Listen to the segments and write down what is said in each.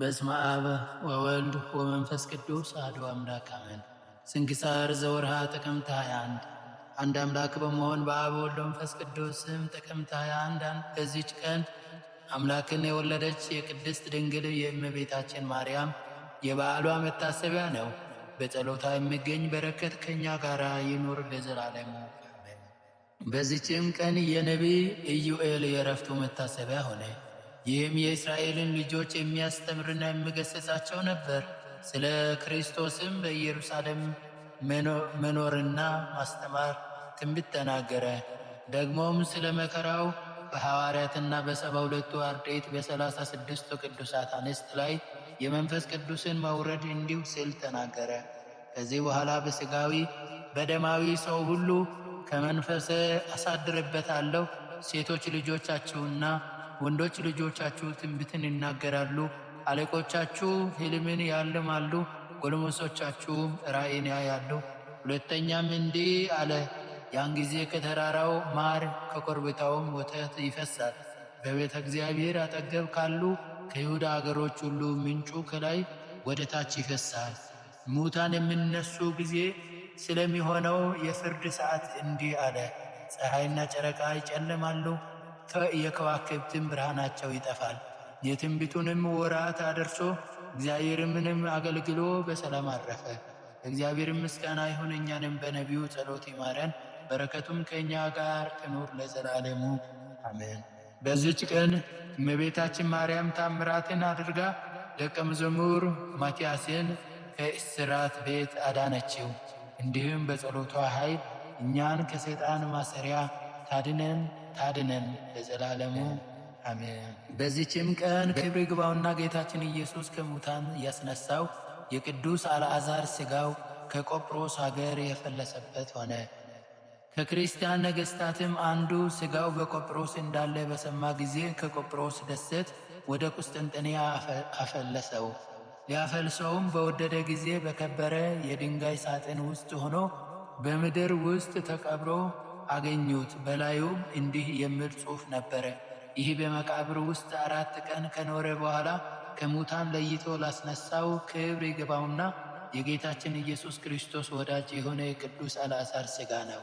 በስመ አብ ወወልድ ወመንፈስ ቅዱስ አሐዱ አምላክ አሜን። ስንክሳር ዘወርሃ ጥቅምት 21 አንድ አምላክ በመሆን በአብ ወልድ መንፈስ ቅዱስ ስም ጥቅምት 21 በዚች ቀን አምላክን የወለደች የቅድስት ድንግል የእመቤታችን ማርያም የበዓሏ መታሰቢያ ነው። በጸሎታ የሚገኝ በረከት ከእኛ ጋር ይኑር ለዘላለሙ። በዚችም ቀን የነቢይ ኢዩኤል የእረፍቱ መታሰቢያ ሆነ። ይህም የእስራኤልን ልጆች የሚያስተምርና የሚገሥጻቸው ነበር። ስለ ክርስቶስም በኢየሩሳሌም መኖርና ማስተማር ትንቢት ተናገረ። ደግሞም ስለ መከራው በሐዋርያትና በሰባ ሁለቱ አርድእት በሰላሳ ስድስቱ ቅዱሳት አንስት ላይ የመንፈስ ቅዱስን መውረድ እንዲሁ ሲል ተናገረ። ከዚህ በኋላ በሥጋዊ በደማዊ ሰው ሁሉ ከመንፈሰ አሳድርበታለሁ ሴቶች ልጆቻችሁና ወንዶች ልጆቻችሁ ትንቢትን ይናገራሉ፣ አለቆቻችሁ ሕልምን ያልማሉ፣ ጎልመሶቻችሁም ራእይን ያያሉ። ሁለተኛም እንዲህ አለ፣ ያን ጊዜ ከተራራው ማር ከኮረብታውም ወተት ይፈሳል። በቤተ እግዚአብሔር አጠገብ ካሉ ከይሁዳ አገሮች ሁሉ ምንጩ ከላይ ወደ ታች ይፈሳል። ሙታን የሚነሱ ጊዜ ስለሚሆነው የፍርድ ሰዓት እንዲህ አለ፣ ፀሐይና ጨረቃ ይጨልማሉ የከዋክብትን ብርሃናቸው ይጠፋል። የትንቢቱንም ወራት አደርሶ እግዚአብሔርንም አገልግሎ በሰላም አረፈ። እግዚአብሔር ምስጋና ይሁን፣ እኛንም በነቢዩ ጸሎት ይማረን፣ በረከቱም ከእኛ ጋር ትኑር ለዘላለሙ አሜን። በዚች ቀን እመቤታችን ማርያም ታምራትን አድርጋ ደቀ መዝሙር ማቲያስን ከእስራት ቤት አዳነችው። እንዲሁም በጸሎቷ ኃይል እኛን ከሰይጣን ማሰሪያ ታድነን ታድነን ለዘላለሙ አሜን። በዚችም ቀን ክብር ይግባውና ጌታችን ኢየሱስ ከሙታን ያስነሳው የቅዱስ አልዓዛር ሥጋው ከቆጵሮስ አገር የፈለሰበት ሆነ። ከክርስቲያን ነገሥታትም አንዱ ሥጋው በቆጵሮስ እንዳለ በሰማ ጊዜ ከቆጵሮስ ደሴት ወደ ቁስጥንጥንያ አፈለሰው። ሊያፈልሰውም በወደደ ጊዜ በከበረ የድንጋይ ሳጥን ውስጥ ሆኖ በምድር ውስጥ ተቀብሮ አገኙት። በላዩም እንዲህ የሚል ጽሑፍ ነበረ። ይህ በመቃብር ውስጥ አራት ቀን ከኖረ በኋላ ከሙታን ለይቶ ላስነሳው ክብር ይግባውና የጌታችን ኢየሱስ ክርስቶስ ወዳጅ የሆነ የቅዱስ አልዓዛር ሥጋ ነው።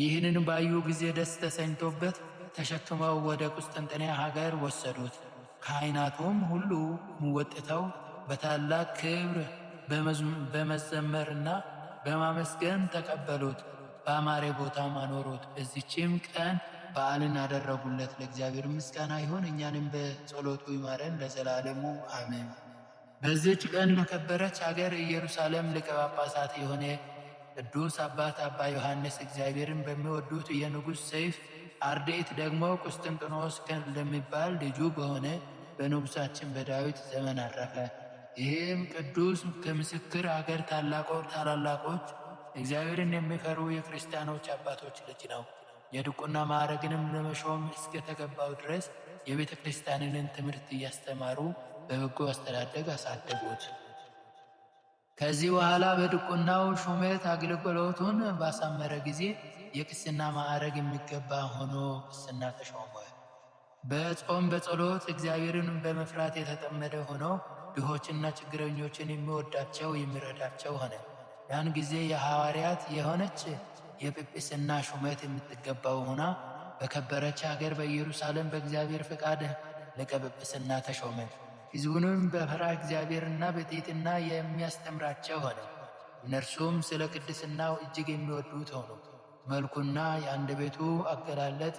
ይህንን ባዩ ጊዜ ደስ ተሰኝቶበት ተሸክመው ወደ ቁስጥንጥንያ ሀገር ወሰዱት። ካህናቱም ሁሉ ወጥተው በታላቅ ክብር በመዘመርና በማመስገን ተቀበሉት። በአማሬ ቦታ ማኖሮት በዚችም ቀን በዓልን አደረጉለት። ለእግዚአብሔር ምስጋና ይሁን፣ እኛንም በጸሎቱ ይማረን ለዘላለሙ አሜን። በዚች ቀን በከበረች ሀገር ኢየሩሳሌም ሊቀ ጳጳሳት የሆነ ቅዱስ አባት አባ ዮሐንስ እግዚአብሔርን በሚወዱት የንጉሥ ሰይፍ አርዴት ደግሞ ቁስጥንጥኖስ ለሚባል ልጁ በሆነ በንጉሳችን በዳዊት ዘመን አረፈ። ይህም ቅዱስ ከምስክር አገር ታላቆች ታላላቆች እግዚአብሔርን የሚፈሩ የክርስቲያኖች አባቶች ልጅ ነው። የድቁና ማዕረግንም ለመሾም እስከተገባው ድረስ የቤተ ክርስቲያንንን ትምህርት እያስተማሩ በበጎ አስተዳደግ አሳደጉት። ከዚህ በኋላ በድቁናው ሹመት አገልግሎቱን ባሳመረ ጊዜ የቅስና ማዕረግ የሚገባ ሆኖ ቅስና ተሾመ። በጾም በጸሎት እግዚአብሔርን በመፍራት የተጠመደ ሆኖ ድሆችና ችግረኞችን የሚወዳቸው የሚረዳቸው ሆነ። ያን ጊዜ የሐዋርያት የሆነች የጵጵስና ሹመት የምትገባው ሆና በከበረች አገር በኢየሩሳሌም በእግዚአብሔር ፈቃድ ለቀጵጵስና ተሾመ። ሕዝቡንም በፈራ እግዚአብሔርና በትሕትና የሚያስተምራቸው ሆነ። እነርሱም ስለ ቅድስናው እጅግ የሚወዱት ሆኑ። መልኩና የአንደበቱ አገላለጥ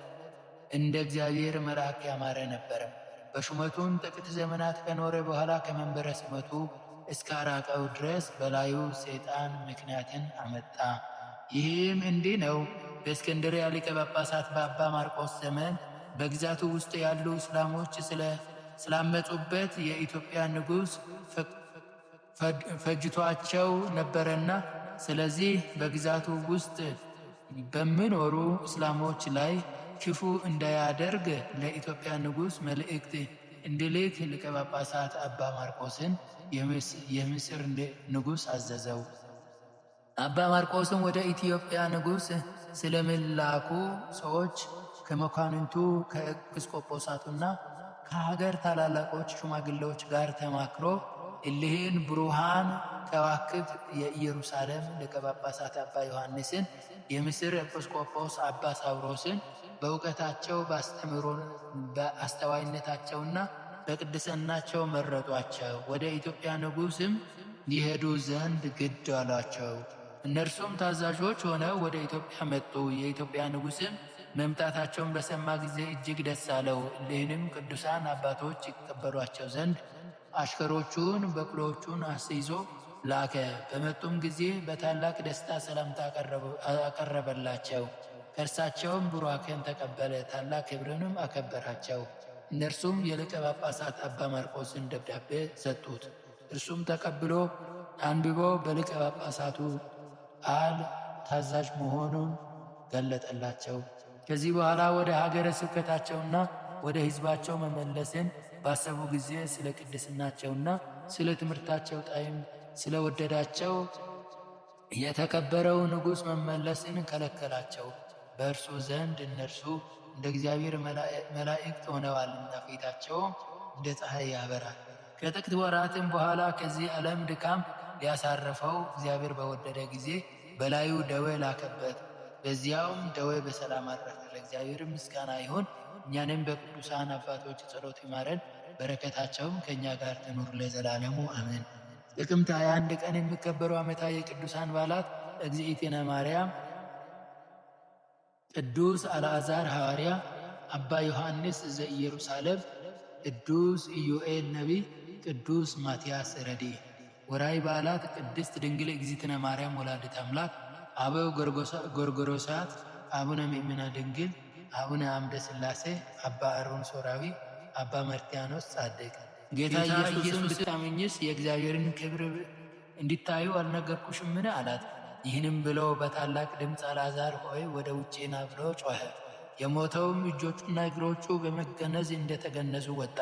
እንደ እግዚአብሔር መልአክ ያማረ ነበረ። በሹመቱም ጥቂት ዘመናት ከኖረ በኋላ ከመንበረ ሹመቱ እስካራቀው ድረስ በላዩ ሰይጣን ምክንያትን አመጣ። ይህም እንዲህ ነው። በእስክንድርያ ሊቀ ጳጳሳት በአባ ማርቆስ ዘመን በግዛቱ ውስጥ ያሉ እስላሞች ስላመፁበት የኢትዮጵያ ንጉሥ ፈጅቷቸው ነበረና፣ ስለዚህ በግዛቱ ውስጥ በሚኖሩ እስላሞች ላይ ክፉ እንዳያደርግ ለኢትዮጵያ ንጉሥ መልእክት እንዲልክ ሊቀ ጳጳሳት አባ ማርቆስን የምስር ንጉሥ አዘዘው። አባ ማርቆስም ወደ ኢትዮጵያ ንጉሥ ስለመላኩ ሰዎች ከመኳንንቱ ከኤጲስቆጶሳቱና ከሀገር ታላላቆች ሽማግሌዎች ጋር ተማክሮ እሊህን ብሩሃን ከዋክብት የኢየሩሳሌም ሊቀ ጳጳሳት አባ ዮሐንስን፣ የምስር ኤጲስቆጶስ አባ ሳውሮስን በእውቀታቸው በአስተዋይነታቸውና በቅድስናቸው መረጧቸው። ወደ ኢትዮጵያ ንጉሥም ሊሄዱ ዘንድ ግድ አሏቸው። እነርሱም ታዛዦች ሆነው ወደ ኢትዮጵያ መጡ። የኢትዮጵያ ንጉሥም መምጣታቸውን በሰማ ጊዜ እጅግ ደስ አለው። ሌንም ቅዱሳን አባቶች ይቀበሏቸው ዘንድ አሽከሮቹን በቅሎቹን አስይዞ ላከ። በመጡም ጊዜ በታላቅ ደስታ ሰላምታ አቀረበላቸው። ከእርሳቸውም ቡራኬን ተቀበለ፣ ታላቅ ክብርንም አከበራቸው። እነርሱም የሊቀ ጳጳሳት አባ ማርቆስን ደብዳቤ ሰጡት። እርሱም ተቀብሎ አንብቦ በሊቀ ጳጳሳቱ አል ታዛዥ መሆኑን ገለጠላቸው። ከዚህ በኋላ ወደ ሀገረ ስብከታቸውና ወደ ሕዝባቸው መመለስን ባሰቡ ጊዜ ስለ ቅድስናቸውና ስለ ትምህርታቸው ጣዕም ስለወደዳቸው የተከበረው ንጉሥ መመለስን ከለከላቸው። በእርሱ ዘንድ እነርሱ እንደ እግዚአብሔር መላእክት ሆነዋልና ፊታቸውም እንደ ፀሐይ ያበራል። ከጥቂት ወራትም በኋላ ከዚህ ዓለም ድካም ሊያሳርፈው እግዚአብሔር በወደደ ጊዜ በላዩ ደዌ ላከበት። በዚያውም ደዌ በሰላም አረፈ። ለእግዚአብሔር ምስጋና ይሁን። እኛንም በቅዱሳን አባቶች ጸሎት ይማረን፣ በረከታቸውም ከእኛ ጋር ትኑር ለዘላለሙ አሜን። ጥቅምት 21 ቀን የሚከበሩ ዓመታዊ የቅዱሳን በዓላት እግዝእትነ ማርያም፣ ቅዱስ አልዓዛር ሐዋርያ፣ አባ ዮሐንስ ዘኢየሩሳሌም፣ ቅዱስ ኢዮኤል ነቢ ቅዱስ ማትያስ ረዴ። ወራዊ በዓላት ቅድስት ድንግል እግዝእትነ ማርያም ወላዲተ አምላክ፣ አበው ጎርጎሮሳት፣ አቡነ ምእመና ድንግል፣ አቡነ አምደ ሥላሴ፣ አባ አሮን ሶራዊ፣ አባ መርቲያኖስ ጻድቅ ጌታ ኢየሱስ ብታምኝስ የእግዚአብሔርን ክብር እንዲታዩ አልነገርኩሽምን? አላት። ይህንም ብለው በታላቅ ድምፅ አልዓዛር ሆይ ወደ ውጭ ና ብለው ጮኸ። የሞተውም እጆቹና እግሮቹ በመገነዝ እንደተገነዙ ወጣ፣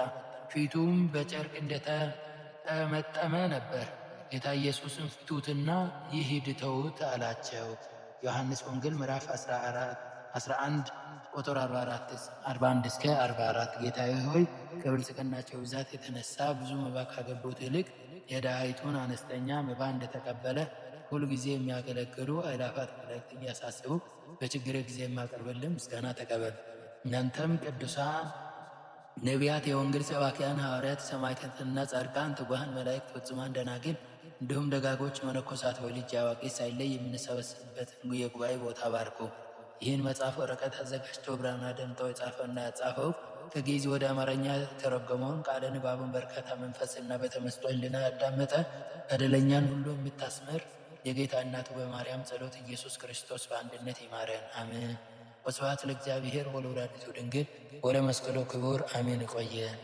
ፊቱም በጨርቅ እንደተጠመጠመ ነበር። ጌታ ኢየሱስን ፍቱትና ይሂድ ተዉት አላቸው። ዮሐንስ ወንጌል ምዕራፍ 14 11 ቁጥር 41 እስከ 44 ጌታዬ ሆይ ከብልጽግናቸው ብዛት የተነሳ ብዙ መባ ካገቡት ይልቅ የድሃይቱን አነስተኛ መባ እንደተቀበለ ሁልጊዜ የሚያገለግሉ አእላፋት መላእክት እያሳስቡ በችግር ጊዜ የማቀርብልን ምስጋና ተቀበል። እናንተም ቅዱሳን ነቢያት፣ የወንጌል ሰባኪያን ሐዋርያት፣ ሰማዕታትና ጻድቃን፣ ትጉሃን መላእክት፣ ፍጹማን ደናግል እንዲሁም ደጋጎች መነኮሳት፣ ወልጅ ልጅ አዋቂ ሳይለይ የምንሰበስብበት የጉባኤ ቦታ ባርኩ። ይህን መጽሐፍ ወረቀት አዘጋጅቶ ብራና ደምጠው የጻፈውና ያጻፈው ከግዕዝ ወደ አማርኛ ተረጎመውን ቃለ ንባቡን በርካታ መንፈስና በተመስጦ እንድና ያዳመጠ በደለኛን ሁሉ የምታስምር የጌታ እናቱ በማርያም ጸሎት ኢየሱስ ክርስቶስ በአንድነት ይማረን፣ አሜን። ወስብሐት ለእግዚአብሔር ወለወላዲቱ ድንግል ወለመስቀሉ ክቡር፣ አሜን። ይቆየን።